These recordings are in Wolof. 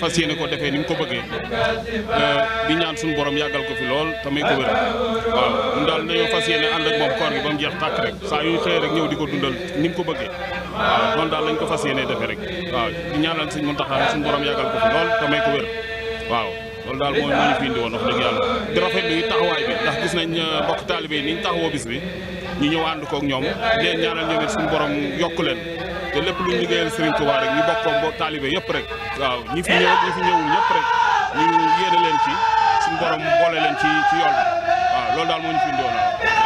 fas yéene ko defee ni mu ko bëggee euh, di ñaan suñu borom yàggal ko fi lool te may ko wér waaw ñun daal dañoo fas yéene ànd ak moom koor gi ba mu jeex tàkk rek saa yu xëyee rek ñëw di ko dundal ni mu ko bëggee waaw noonu daal lañ ko fas yéene defee rek waaw di ñaanal sëñ Muntaxa suñu borom yàggal ko fi lool te ko wér waaw loolu daal mooy moo ñu fi indi woon wax dëgg yàlla di rafetlu it taxawaay bi ndax gis nañ euh, mbokk taalibe yi ni ñu taxawoo bis bi ñu ñëw ànd kook ñoom leen ñaanal ñoom it suñu borom yokk leen te lépp lu ñu liggéeyal Serigne Touba rek ñu bokk ko taalibe yëpp rek ñi fi ñëw ñi fi ñëwul ñëpp rek ñu yéene leen ci suñu borom boole leen ci ci yoon bi waaw daal moo ñu fi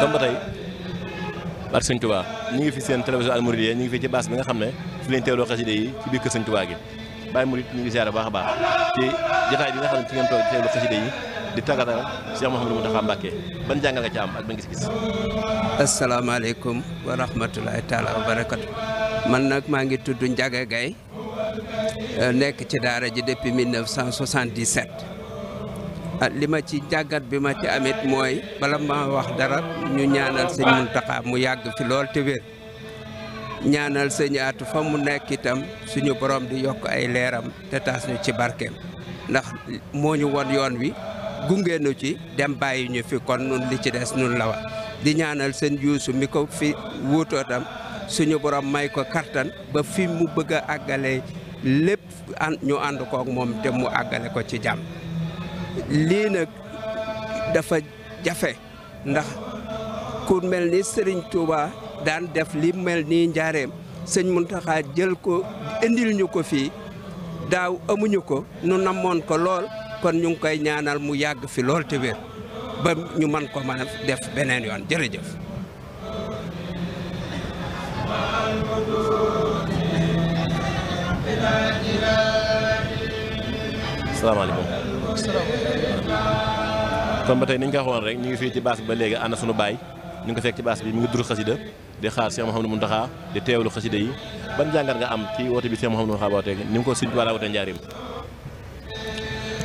donc ba tey barke Sëñ Tuubaa ñu ngi fi seen télévision Al Mouridiyyah ñu ngi fi ci baas bi nga xam ne fi lañ teewloo xasida yi ci biir kër Sëñ Tuubaa gi Baye Mourid ñu ngi ziar baax a baax ci jotaay bi nga xam ne ci ngeen toog di teewloo xasida yi di tàggatal Cheikh Mouhamadou Mountakha Mbacké ban jàngal nga ci am ak ban gis-gis asalaamaaleykum wa rahmatulahi taala wa barakatu man nag maa ngi tudd Ndiaga Gaye nekk ci daara ji depuis 1977 Ah, li ma ci jàggat bi ma ci amit mooy bala ma wax dara ñu ñaanal sëñ Muntaxa mu yàgg fi lool te wér ñaanal sëñ Aatu fa mu nekk itam suñu borom di yokk ay leeram te taas ci barkeem ndax moo ñu won yoon wi gunge ci dem bàyyi ñu fi kon nun li ci des nun la wa di ñaanal seen Yuusu mi ko fi wuutoo tam suñu borom may ko kartan ba fi mu bëgg a àggale lépp ñu ànd kook moom te mu àggale ko ci jàmm lii nag dafa jafe ndax ku mel ni sëriñ Touba daan def li mel nii njaareem sëñ Mountakha jël ko indil ñu ko fii daaw amuñu ko nu namoon ko lool kon ñu ngi koy ñaanal mu yàgg fi lool te ba ñu mën ko mën def beneen yoon jërëjëf. salaamaaleykum. kon ba tey niñ ko waxoon rek ñu ngi fii ci baas ba léegi ànd suñu baay ñu ngi ko fekk ci baas bi mu ngi duru xasida di xaar Cheikh Mouhamadou Mountakha di teewlu xasida yi ban jàngat nga am ci woote bi Cheikh Mouhamadou Mountakha woote ni nga ko sëñ wala woote njaarim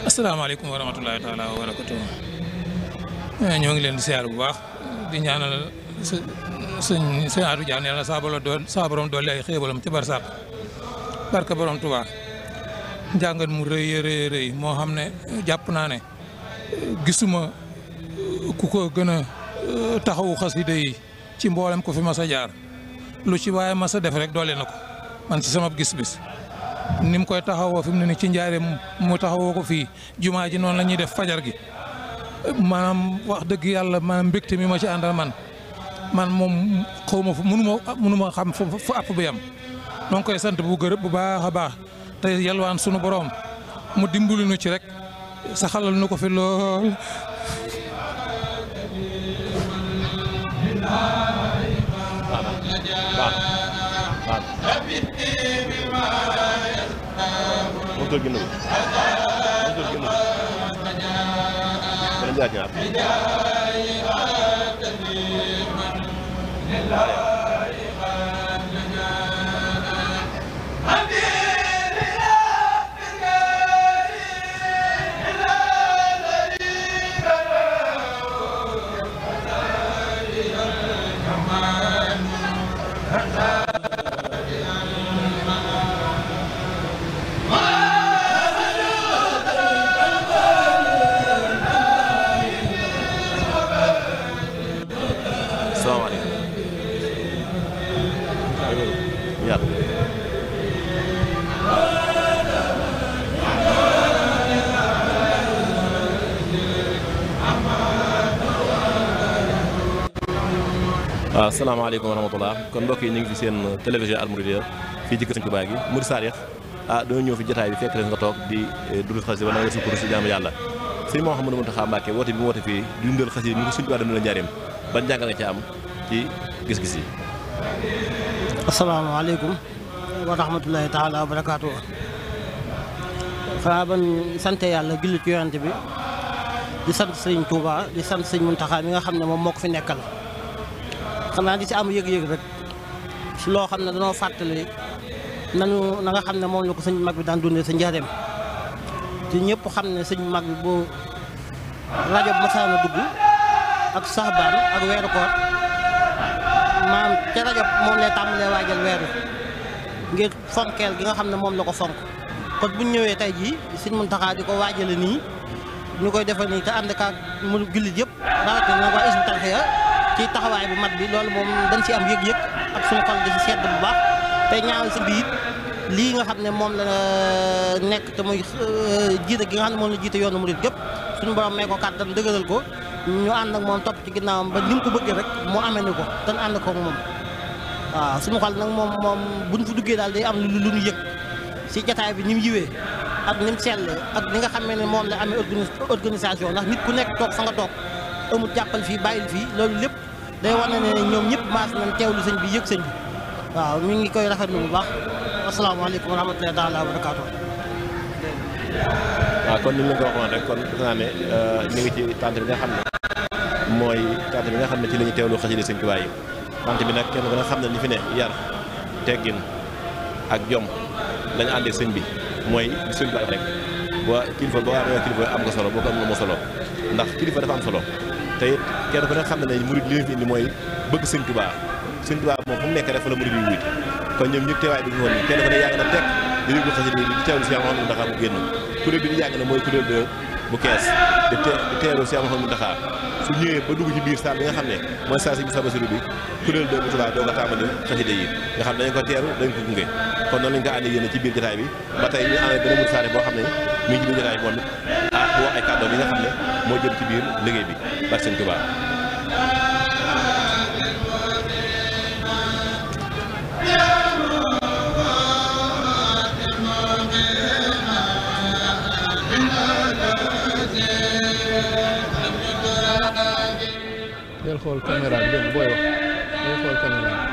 asalaamaaleykum wa rahmatulahi taala wa eh, ñoo ngi leen di siyaar bu baax di ñaanal sëñ sëñ Atou Diagne yàlla saa borom dool saa borom doole ay xéebalam ci barsàq barke borom Touba njàngat mu rëy rëy rëy moo xam ne jàpp naa ne gisuma ku ko gën a euh, taxawu xasida yi ci mboolem ko fi mas a jaar lu ci waaye masa def rek doole na ko man ci sama gis-gis ni mu koy taxawoo fi mu ne ni ci njaare mu taxawoo ko fii jumaa ji noonu lañuy def fajar gi maanaam wax dëgg yàlla maanaam mbégte mi ma ci àndal man man moom ma fu mënu ma xam fu app bi yam noo koy sant bu gërëm baax a baax tey yalwaan sunu boroom mu dimbali ci rek saxalal nu ko fi lool. waaw waaw ah, salaamaaleykum wa rahmatulah kon mbokk yi ñu ngi fi seen télévision Al Mouridiyyah fii ci kër Tuubaa gi ah, bi fekk leen nga toog di eh, dund xasida wala nga suñ kuréel si jaamu yàlla sëñ Mouhamadou Mountakha bi mu woote fii dundal xasida ñu ko Sëñ gis-gis yi. asalaamaaleykum wa rahmatulahi sant yàlla jullit ci yonent bi di sant sëñ Tuubaa di sant sëñ Mountakha mi nga xam ne moom moo ko fi nekkal. xanaa di ci am yëg-yëg rek si loo xam ne danoo fàttali nanu na nga xam ne moom la ko sëñ mag bi daan dundee sa njaareem te ñëpp xam ne sëñ mag bi bu rajo bu masaana dugg ak saxbaan ak weeru koor maam ca rajo moom lay tàmbalee waajal weeru ngir gi nga xam ne moom la ko fonk kon bu ñëwee tey jii sëñ Muntaxa di ko waajale nii ñu koy defal nii te ànd kaak mu jullit yëpp rawatina waa Hizbut Tarqiyyah ci taxawaay bu mat bi loolu moom dañ ci am yëg-yëg ak suñu xol di ci sedd bu baax te ñaawal si biir lii nga xam ne moom la euh, nekk te muy euh, jiite gi nga xam ne moom la jiite yoonu murid gépp suñu borom may ko kàttan dëgëral ko ñu ànd ak moom topp ci ginnaawam ba ni mu ko mu amee ni ko dañ ànd ko moom waaw suñu xol nag moom moom buñ fa duggee daal day am lu lu ñu yëg ci bi ni mu yiwee ak ni mu sellee ak li nga xam ne moom la amee organisation ndax nit ku nekk toog fa nga toog amul jàppal fii bàyyil fii loolu lépp day wane ne ñoom ñëpp maas nañ teewlu sëñ bi yëg sëñ bi waaw ñu ngi koy rafetlu bu baax asalaamaaleykum wa rahmatulah taala barakaatu waaw ah, kon ni mu la ko waxoon rek ne euh, ñu ngi ci tànt bi nga xam ne mooy tànt bi nga xam ne ci la ñu teewlu xasida sëñ Tuubaa yi tànt bi nag kenn ku ne xam ne fi ne yar teggin ak jom lañu àndee sëñ bi mooy bi sëñ bi rek waa kilifa boo amee kilifa am nga solo boo ko am nga moo solo ndax kilifa dafa am solo tey kenn ku ne xam ne ne murid li leen fi indi ko teeru dañ ko gunge kon noonu lañ ko ànd yéen ci biir jotaay bi ba tey ñu amee benn mu saare boo xam ne mi ngi ci biir jotaay bi mu wax a kàddoom yi nga xam ne moo jëm ci biir liggéey bi bari sëñ Tuubaa del xool caméra bi booy wax del xool caméra